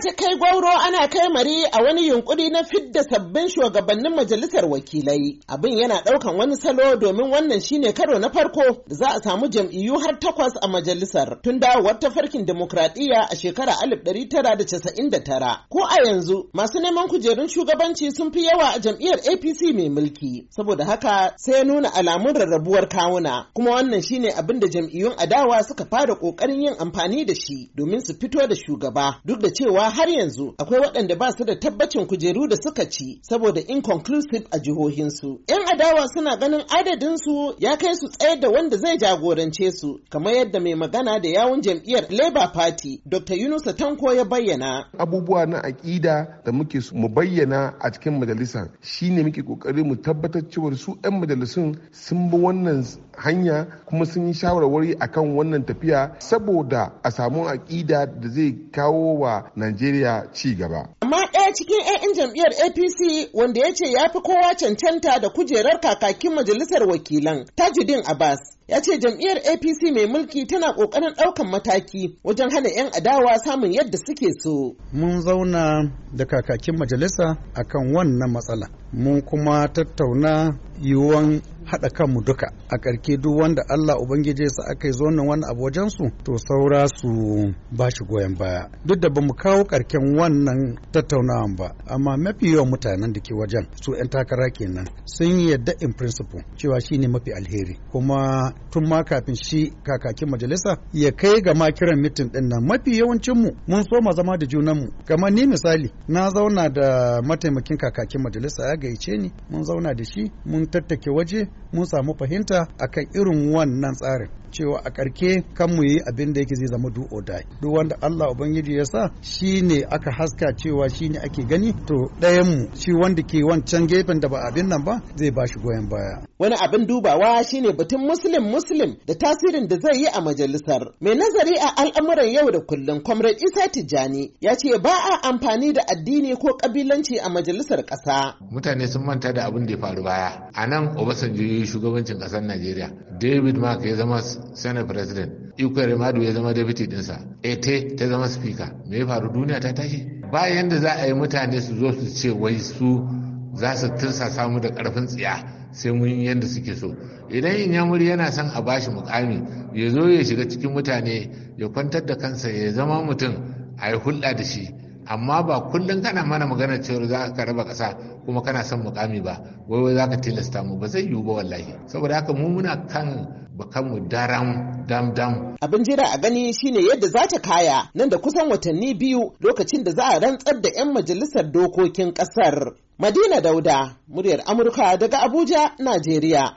ana ta kai gwauro ana kai mari a wani yunkuri na fidda sabbin shugabannin majalisar wakilai. Abin yana ɗaukan wani salo domin wannan shine karo na farko da za a samu jam'iyyu har takwas a majalisar tun dawowar farkin demokradiyya a shekara 1999. Ko a yanzu masu neman kujerun shugabanci sun fi yawa a jam'iyyar APC mai mulki. Saboda haka sai ya nuna alamun rarrabuwar kawuna kuma wannan shine abin da jam'iyyun adawa suka fara ƙoƙarin yin amfani da shi domin su fito da shugaba duk da cewa har yanzu akwai waɗanda ba su da tabbacin kujeru da suka ci saboda inconclusive a jihohinsu. adawa suna ganin adadin su ya kai su tsayar da wanda zai jagorance su kamar yadda mai magana da yawun jam'iyyar Labour Party Dr. Yunusa Tanko ya bayyana. Abubuwa na aƙida da muke mu bayyana a cikin majalisa shine muke kokari mu tabbatar cewa su 'yan majalisun sun bi wannan hanya kuma sun yi shawarwari akan wannan tafiya saboda a samu aƙida da zai kawo wa Najeriya ci gaba. Amma ɗaya cikin 'ya'yan jam'iyyar APC wanda ya ce ya fi kowa cancanta da kujera shugabar kakakin majalisar wakilan Tajudin Abbas ya ce jam'iyyar APC mai mulki tana ƙoƙarin ɗaukan mataki wajen hana 'yan adawa samun yadda suke so. Mun zauna da kakakin majalisa akan wannan matsala. Mun kuma tattauna yiwuwan haɗa kanmu duka a ƙarke duk wanda Allah ubangiji sa aka yi zonin wani abu wajen su to saura su ba shi goyon baya duk da bamu kawo ƙarken wannan tattaunawan ba amma mafi yawan mutanen da ke wajen su 'yan takara kenan sun yadda in principle cewa shi ne mafi alheri kuma tun ma kafin shi kakakin majalisa ya kai ga ma kiran mitin ɗin nan mafi yawancin mu mun so ma zama da junan mu kamar ni misali na zauna da mataimakin kakakin majalisa ya gaice ni mun zauna da shi mun tattake waje mun samu fahimta akan irin wannan tsarin cewa a karke kan mu yi abin da yake zai zama do or duk wanda Allah ubangiji ya sa shine aka haska cewa shine ake gani to ɗayan mu shi wanda ke wancan gefen da ba abin nan ba zai bashi goyon baya wani abin dubawa shine batun muslim muslim da tasirin da zai yi a majalisar mai nazari a al'amuran yau da kullum comrade Isa Tijjani ya ce ba a amfani da addini ko kabilanci a majalisar ƙasa mutane sun manta da abin da ya faru baya a nan Obasanjo yi shugabancin kasar Najeriya. David Mark ya zama Senate President. Ikwere Madu ya zama Deputy dinsa. Ete ta zama Speaker. Me ya faru duniya ta tashi? Bayan da za a yi mutane su zo su ce wai su za su tursa samu da karfin tsiya. sai mun yadda suke so idan yin inyamuri yana son a bashi mukami ya zo ya shiga cikin mutane ya kwantar da kansa ya zama mutum a yi hulɗa da shi amma ba kullum kana mana magana cewa za ka raba ƙasa kuma kana son mukami ba wai wai za ka tilasta mu ba zai yiwu ba wallahi saboda haka mu muna kan bakanmu daram dam dam. Abin jira a gani shine yadda za ta kaya nan da kusan watanni biyu lokacin da za a rantsar da 'yan majalisar dokokin ƙasar. Madina Dauda, muryar Amurka daga Abuja, Najeriya.